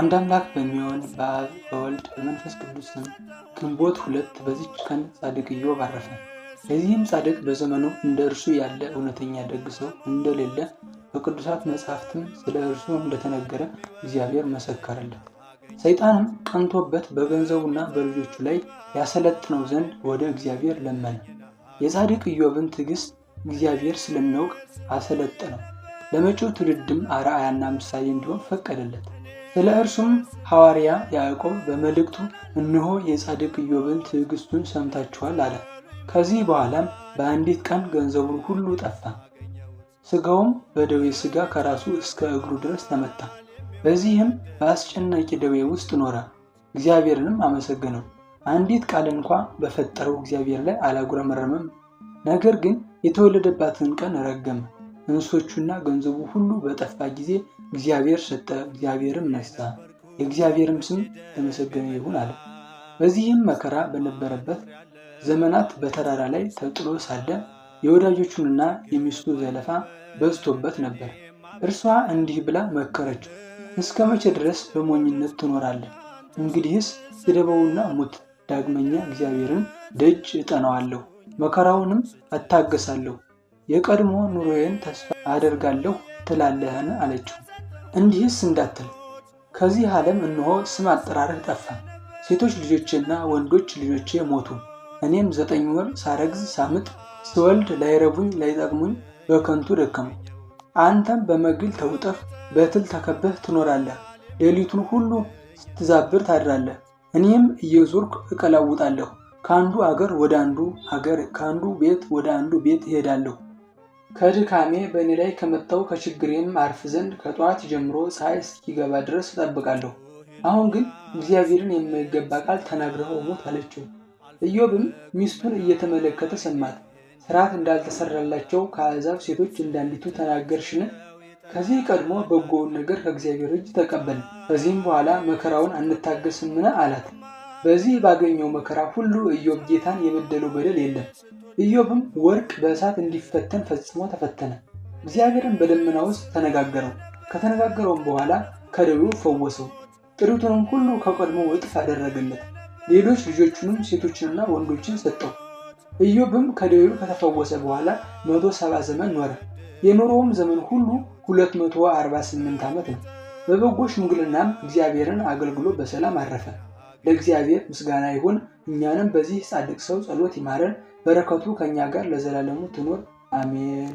አንድ አምላክ በሚሆን በአብ በወልድ በመንፈስ ቅዱስ ስም ግንቦት ሁለት በዚች ቀን ጻድቅ ኢዮብ አረፈ። ለዚህም ጻድቅ በዘመኑ እንደ እርሱ ያለ እውነተኛ ደግ ሰው እንደሌለ በቅዱሳት መጽሐፍትም ስለ እርሱ እንደተነገረ እግዚአብሔር መሰከረለት። ሰይጣንም ቀንቶበት በገንዘቡና በልጆቹ ላይ ያሰለጥነው ዘንድ ወደ እግዚአብሔር ለመነ። የጻድቅ ኢዮብን ትዕግስት እግዚአብሔር ስለሚያውቅ አሰለጥነው፣ ለመጪው ትውልድም አርአያና ምሳሌ እንዲሆን ፈቀደለት። ስለ እርሱም ሐዋርያ ያዕቆብ በመልእክቱ እንሆ የጻድቅ ኢዮብን ትዕግስቱን ሰምታችኋል አለ። ከዚህ በኋላም በአንዲት ቀን ገንዘቡን ሁሉ ጠፋ። ስጋውም በደዌ ስጋ ከራሱ እስከ እግሩ ድረስ ተመታ። በዚህም በአስጨናቂ ደዌ ውስጥ ኖረ። እግዚአብሔርንም አመሰገነው። አንዲት ቃል እንኳ በፈጠረው እግዚአብሔር ላይ አላጉረመረመም። ነገር ግን የተወለደባትን ቀን ረገመ። እንስሶቹና ገንዘቡ ሁሉ በጠፋ ጊዜ እግዚአብሔር ሰጠ፣ እግዚአብሔርም ነሳ፣ የእግዚአብሔርም ስም ተመሰገነ ይሁን አለ። በዚህም መከራ በነበረበት ዘመናት በተራራ ላይ ተጥሎ ሳለ የወዳጆቹንና የሚስቱ ዘለፋ በዝቶበት ነበር። እርሷ እንዲህ ብላ መከረችው፣ እስከ መቼ ድረስ በሞኝነት ትኖራለህ? እንግዲህስ ስደበውና ሙት። ዳግመኛ እግዚአብሔርን ደጅ እጠናዋለሁ፣ መከራውንም እታገሳለሁ፣ የቀድሞ ኑሮዬን ተስፋ አደርጋለሁ ትላለህን? አለችው። እንዲህስ እንዳትል ከዚህ ዓለም እንሆ ስም አጠራርህ ጠፋ። ሴቶች ልጆቼና ወንዶች ልጆቼ ሞቱ። እኔም ዘጠኝ ወር ሳረግዝ ሳምጥ ስወልድ ላይረቡኝ ላይጠቅሙኝ በከንቱ ደከሙ። አንተም በመግል ተውጠፍ በትል ተከበህ ትኖራለህ። ሌሊቱን ሁሉ ስትዛብር ታድራለህ። እኔም እየዞርኩ እቀላውጣለሁ። ከአንዱ አገር ወደ አንዱ ሀገር፣ ከአንዱ ቤት ወደ አንዱ ቤት እሄዳለሁ። ከድካሜ በእኔ ላይ ከመጣው ከችግሬም አርፍ ዘንድ ከጠዋት ጀምሮ ፀሐይ እስኪገባ ድረስ እጠብቃለሁ። አሁን ግን እግዚአብሔርን የማይገባ ቃል ተናግረኸው ሞት አለችው። ኢዮብም ሚስቱን እየተመለከተ ሰማት። ስርዓት እንዳልተሰራላቸው ከአሕዛብ ሴቶች እንዳንዲቱ ተናገርሽን? ከዚህ ቀድሞ በጎውን ነገር ከእግዚአብሔር እጅ ተቀበል ከዚህም በኋላ መከራውን አንታገስምን? አላት። በዚህ ባገኘው መከራ ሁሉ ኢዮብ ጌታን የበደለው በደል የለም። ኢዮብም ወርቅ በእሳት እንዲፈተን ፈጽሞ ተፈተነ። እግዚአብሔርን በደመና ውስጥ ተነጋገረው። ከተነጋገረውም በኋላ ከደዌው ፈወሰው። ጥሪቱንም ሁሉ ከቀድሞ እጥፍ አደረገለት። ሌሎች ልጆቹንም ሴቶችንና ወንዶችን ሰጠው። ኢዮብም ከደዌው ከተፈወሰ በኋላ መቶ ዘመን ኖረ። የኖረውም ዘመን ሁሉ 248 ዓመት ነው። በበጎ ሽምግልናም እግዚአብሔርን አገልግሎ በሰላም አረፈ። ለእግዚአብሔር ምስጋና ይሁን። እኛንም በዚህ ጻድቅ ሰው ጸሎት ይማረን፣ በረከቱ ከእኛ ጋር ለዘላለሙ ትኖር አሜን።